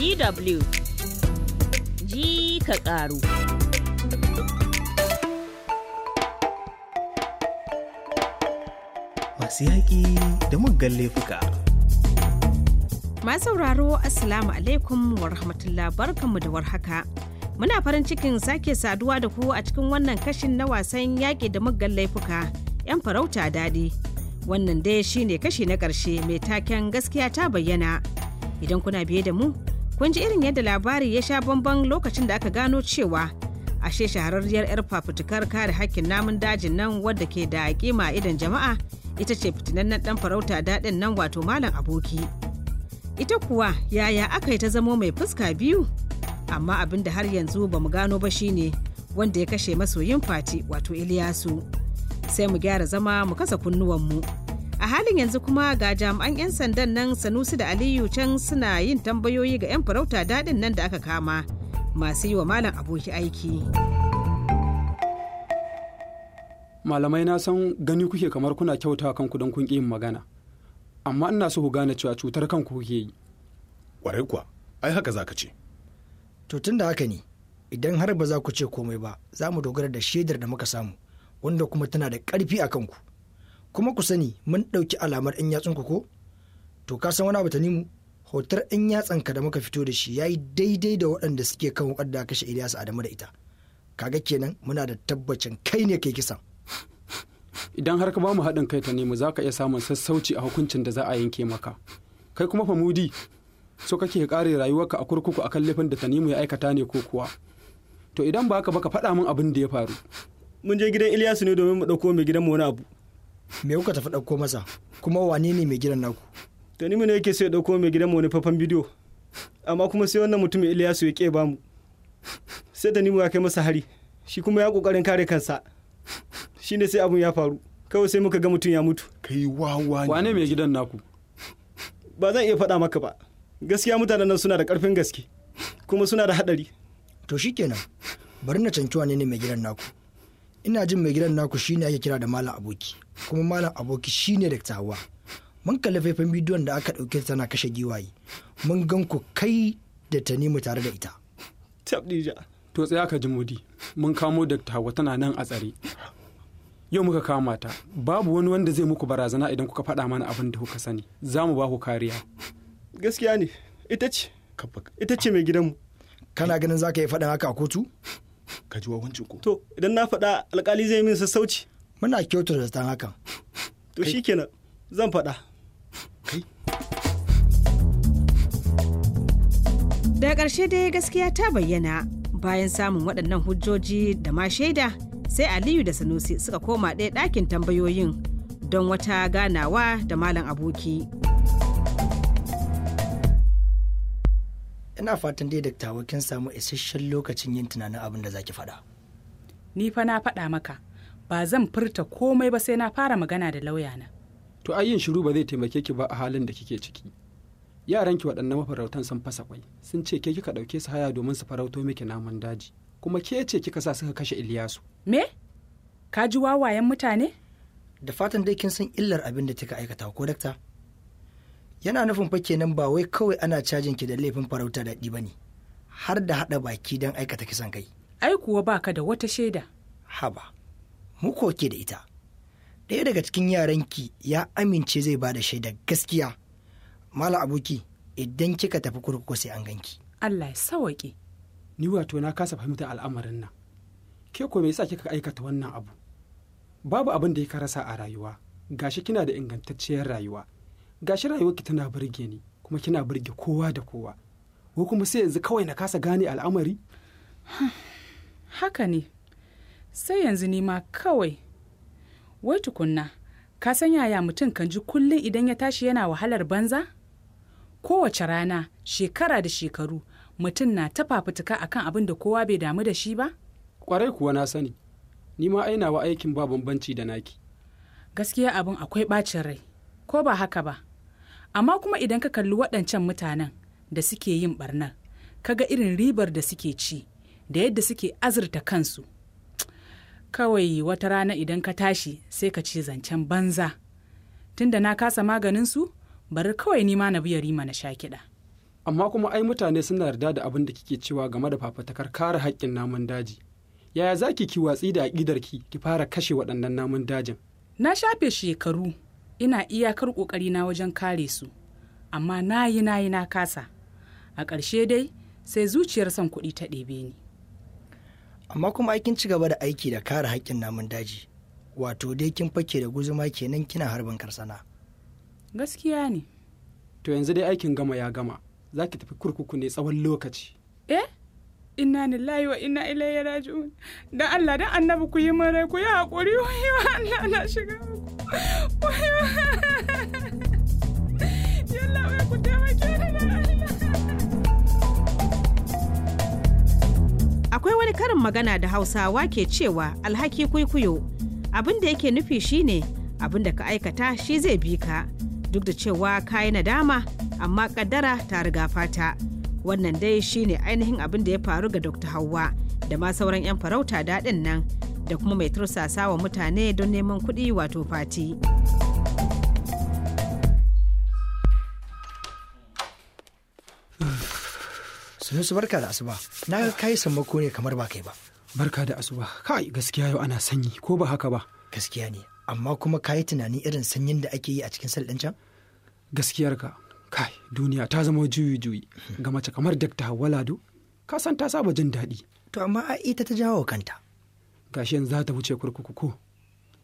DW ji ka ƙaru. Masu yaƙi da muggan laifuka. Masu sauraro Assalamu alaikum wa rahmatullah barkanmu da warhaka. Muna farin cikin sake saduwa da ku a cikin wannan kashin na wasan yaƙi da muggan laifuka 'yan farauta daɗi. Wannan dai shi ne kashi na ƙarshe mai taken gaskiya ta bayyana. Idan kuna biye da mu, kun ji irin yadda labari ya sha bamban lokacin da aka gano cewa ashe shahararriyar 'yar fafutukar kare hakkin namun dajin nan wadda ke da kima idan jama'a ita ce fitinannen dan farauta daɗin nan wato malam aboki ita kuwa yaya aka yi ta zamo mai fuska biyu amma abin da har yanzu ba mu gano ba shine wanda ya kashe masoyin fati wato iliyasu sai mu gyara zama mu kasa mu. a halin yanzu kuma ga jami'an 'yan sandan nan sanusi da aliyu can suna yin tambayoyi ga 'yan farauta daɗin nan da aka kama masu yi wa malam aboki aiki malamai na san gani kuke kamar kuna kyauta kanku don kun yin magana amma ina so ku gane cewa cutar kanku kuke yi kwarai kuwa ai haka zaka ce to tun da haka ne idan har ba za ku ce komai ba za mu dogara da shaidar da muka samu wanda kuma tana da ƙarfi a kanku kuma ku sani mun ɗauki alamar 'yan ku ko to ka san wani abu ta nimu hotar yatsan ka da muka fito da shi ya yi daidai da waɗanda suke kan wukar da kashe ilyasu adamu da ita kaga kenan muna da tabbacin kai ne kai kisan idan har ka bamu haɗin kai tanimu za ka iya samun sassauci a hukuncin da za a yanke maka kai kuma mudi so kake kare rayuwarka a kurkuku akan laifin da tanimu ya aikata ne ko kuwa to idan ba ka ba ka faɗa min abin da ya faru mun je gidan ilyasu ne domin mu ɗauko mai gidan mu wani abu me kuka tafi ɗauko masa kuma wane ne mai gidan naku to ni ne yake so ya ɗauko mai gidan mu wani faffan bidiyo amma kuma sai wannan mutumin Iliyasu ya ke bamu sai da mu ya kai masa hari shi kuma ya kokarin kare kansa shine sai abun ya faru kawai sai muka ga mutum ya mutu kai wawa ne wane mai gidan naku ba zan iya faɗa maka ba gaskiya mutanen nan suna da ƙarfin gaske kuma suna da haɗari to shikenan bari na canci wane ne mai gidan naku ina jin mai gidan naku shine ake kira da malam aboki kuma malam aboki shine da tawa mun kalli faifan bidiyon da aka ɗauke tana kashe giwaye mun gan ku kai da tanimu tare da ita tabdija to tsaya ka ji mudi mun kamo da tawa tana nan a tsare yau muka kama ta babu wani wanda zai muku barazana idan kuka faɗa mana abin da kuka sani za mu ba ku kariya gaskiya ne ita ce ita ce mai gidanmu kana ganin za ka yi faɗin haka a kotu ka ji wawancin ko to idan na faɗa alkali zai min sassauci muna kyautar da tan hakan to shi kenan zan faɗa da ƙarshe dai gaskiya ta bayyana bayan samun waɗannan hujjoji da ma shaida sai aliyu da sanusi suka koma ɗaya ɗakin tambayoyin don wata ganawa da malam aboki. ina fatan dai daktawa kin samu isasshen lokacin yin tunanin abin da zaki faɗa ni fa na faɗa maka ba zan furta komai ba sai na fara magana da lauya na to ai yin shiru ba zai taimake ki ba a halin da kike ciki yaran ki waɗannan mafarautan sun fasa kwai sun ce ke kika ɗauke su haya domin su farauto miki namun daji kuma ke ce kika sa suka kashe Iliyasu me ka ji wawayen mutane da fatan dai kin san illar abin da kika aikata ko dakta yana nufin fa kenan ba wai kawai ana cajin ki da laifin farauta daɗi ba ne har da haɗa baki don aikata kisan kai ai kuwa baka da wata shaida haba mu ke da ita ɗaya daga cikin yaran ki ya amince zai ba da shaida gaskiya mala aboki idan kika tafi kurkuku sai an ganki allah ya sawaƙe ni wato na kasa fahimtar al'amarin nan ke ko me yasa kika aikata wannan abu babu abin da ya rasa a rayuwa gashi kina da ingantacciyar rayuwa gashi ki tana burge ni kuma kina burge kowa da kowa ko kuma sai yanzu kawai na kasa gane al'amari haka ne sai yanzu ni ma kawai wai tukunna ka san yaya mutum kan ji kullum idan ya tashi yana wahalar banza kowace rana shekara da shekaru mutum na ta fafutuka akan abin da kowa bai damu da shi ba kwarai kuwa na sani ni ma ainawa aikin ba bambanci da naki gaskiya abin akwai bacin rai ko ba haka ba amma kuma idan ka kalli waɗancan mutanen da suke yin barnar kaga irin ribar da suke ci da yadda suke azurta kansu kawai wata rana idan ka tashi sai ka ce zancen banza tunda na kasa maganin su bari kawai nima na biya rima na sha kiɗa amma kuma ai mutane suna yarda da abin da kike cewa game da fafatakar kare haƙƙin namun daji yaya zaki ki watsi da aƙidar ki ki fara kashe waɗannan namun dajin na shafe shekaru ina iyakar na wajen kare su amma na yi na yi na kasa a ƙarshe dai sai zuciyar son kuɗi ta ɗebe ni amma kuma aikin ci gaba da aiki da kare haƙƙin namun daji wato dai kin fake da guzuma kenan kina harbin karsana gaskiya ne to yanzu dai aikin gama ya gama za ki tafi kurkuku ne tsawon lokaci eh inna lillahi wa inna ilaihi raji'un dan Allah dan annabi ku yi mare ku yi haƙuri wa Allah na shiga muku akwai wani karin magana da hausawa ke cewa alhaki kuikuyo abin da yake nufi shine abin da ka aikata shi zai bi ka duk da cewa ka yi nadama amma kaddara ta riga fata wannan dai shine ainihin abin da ya faru ga dr hauwa da ma sauran 'yan farauta daɗin nan da kuma mai tursasa wa mutane don neman kuɗi wato fati. Sunusu barka da asuba. Na ga kai sammako ne kamar ba kai ba. Barka da asuba. Kai gaskiya yau ana sanyi ko ba haka ba? Gaskiya ne. Amma kuma kayi tunani tunanin irin sanyin da ake yi a cikin sal can? Gaskiyar ka. Kai duniya ta zama juyi juyi ga mace kamar Dr. Hawalado. Ka san ta saba jin daɗi. To amma a ita ta jawo kanta. Gashi yanzu za ta wuce kurkuku ko?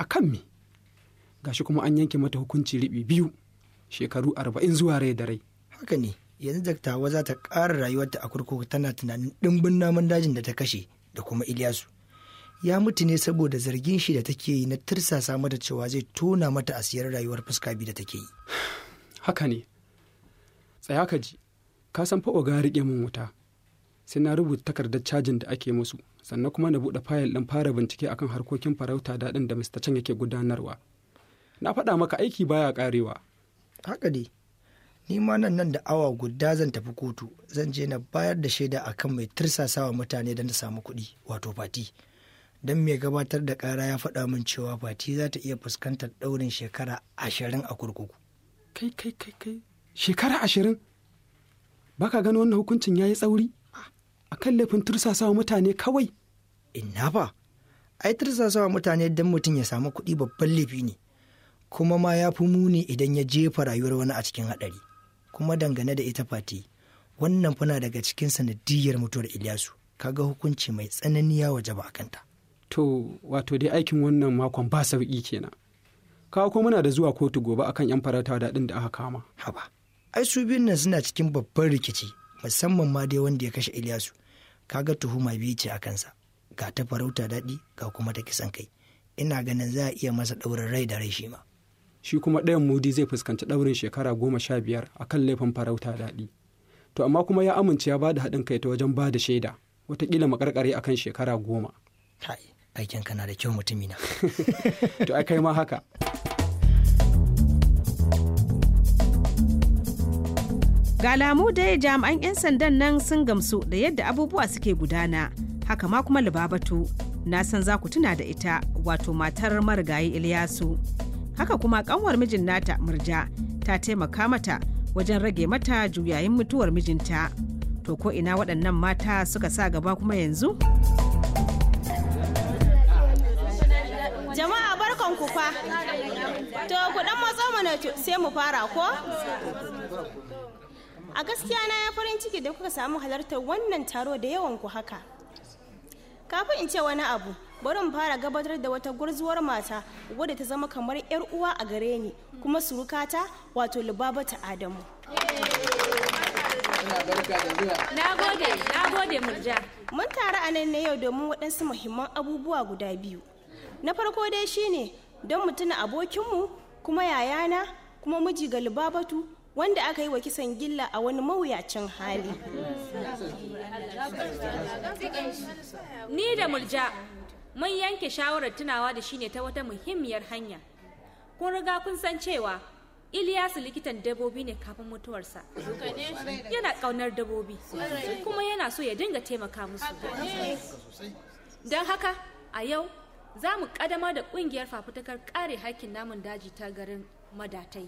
A kan me? Gashi kuma an yanke mata hukunci riɓi biyu. Shekaru arba'in zuwa rai da rai. Haka ne. yanzu daktawa za ta ƙara rayuwarta a kurkuku tana tunanin ɗimbin namun dajin da ta kashe da kuma Ilyasu. Ya mutu ne saboda zargin shi da take yi na tirsasa mata cewa zai tona mata asiyar rayuwar fuska biyu da take yi. Haka ne, tsaya ka ji, ka san fa'o ga riƙe min wuta, sai na rubuta takardar cajin da ake musu, sannan kuma na buɗe fayil ɗin fara bincike akan harkokin farauta daɗin da Mr. Chan yake gudanarwa. Na faɗa maka aiki baya ƙarewa. Haka ne. ni ma nan nan da awa guda zan tafi kotu zan je na bayar da shaida akan mai tirsasawa mutane don ta samu kuɗi wato fati don mai gabatar da ƙara ya faɗa min cewa fati za ta iya fuskantar ɗaurin shekara ashirin a kurkuku kai kai kai kai shekara ashirin baka gani wannan hukuncin ya yi tsauri a kan laifin tirsasawa mutane kawai ina ba ai tirsasawa mutane don mutum ya samu kuɗi babban laifi ne kuma ma ya fi muni idan ya jefa rayuwar wani a cikin haɗari kuma dangane da ita fati wannan fana daga cikin sanadiyar mutuwar Ilyasu kaga hukunci mai tsanani ya waje ba kanta. To wato dai aikin wannan makon ba sauƙi kenan. Kawo ko muna da zuwa kotu gobe akan yan farata da da aka kama. Haba. Ai su biyun nan suna cikin babban rikici musamman ma dai wanda ya kashe Ilyasu. Kaga tuhuma biyu ce a kansa. Ga ta farauta daɗi ga kuma ta kisan kai. Ina ganin za a iya masa ɗaurin rai da rai shi ma. shi kuma ɗayan mudi zai fuskanci ɗaurin shekara goma sha biyar a kan laifin farauta daɗi to amma kuma ya amince ya bada haɗin kai ta wajen ba da shaida watakila makarkare akan shekara goma aikin kana da kyau mutumina to ai kai ma haka ga alamu dai jami'an 'yan sandan nan sun gamsu da yadda abubuwa suke gudana haka ma kuma libabatu na san za ku tuna da ita wato matar marigayi iliyasu haka kuma kanwar mijin nata murja ta taimaka mata wajen rage mata juyayin mutuwar mijinta to ko ina waɗannan mata suka sa gaba kuma yanzu jama'a barkan ku fa to ku dan matso mana sai mu fara ko a gaskiya na ya farin ciki da kuka samu halartar wannan taro da yawan ku haka kafin in ce wani abu bari mu fara gabatar da wata gurzuwar mata wadda ta zama kamar 'yar uwa a gare ni kuma surukata wato lubabata adamu Na gode, murja. Mun tare a nan ne yau domin waɗansu muhimman abubuwa guda biyu. Na farko dai shine don mu abokinmu kuma yayana kuma miji ga Lubabatu wanda aka yi wa kisan gilla a wani mawuyacin hali. Ni da murja mun yanke shawarar tunawa da shi ne ta wata muhimmiyar hanya kun riga kun san cewa Iliyasu likitan dabobi ne kafin mutuwarsa. Yana kaunar dabobi, kuma yana so ya dinga taimaka musu. Don haka, a yau, za mu kadama da ƙungiyar fafutukar kare haƙƙin namun daji ta garin madatai.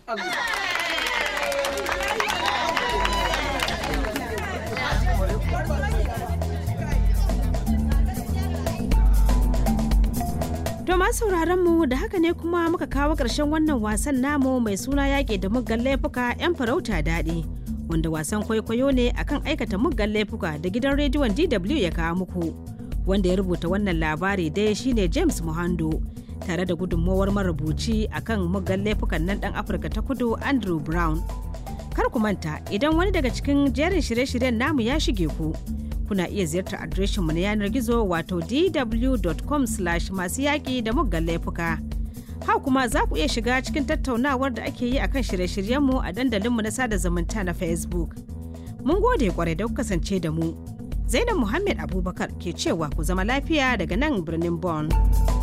To masu mu da haka ne kuma muka kawo ƙarshen wannan wasan namu mai suna yaƙi da muggan laifuka 'yan farauta daɗi. Wanda wasan kwaikwayo ne akan aikata muggan laifuka da gidan rediyon DW ya kawo muku. Wanda ya rubuta wannan labari dai shine James Muhando tare da gudunmowar marubuci akan muggan laifukan nan ɗan Afirka ta kudu Andrew Brown. Kar ku manta idan wani daga cikin jerin shirye-shiryen namu ya shige ku. kuna iya ziyartar adireshinmu na yanar gizo wato dw.com slash masu yaƙi da muggan laifuka. Hau kuma za ku iya shiga cikin tattaunawar da ake yi a kan shirye-shiryenmu a dandalinmu na sada zumunta na Facebook. Mun gode kwarai da kasance da mu. Zainab Muhammad Abubakar ke cewa ku zama lafiya daga nan birnin Bonn.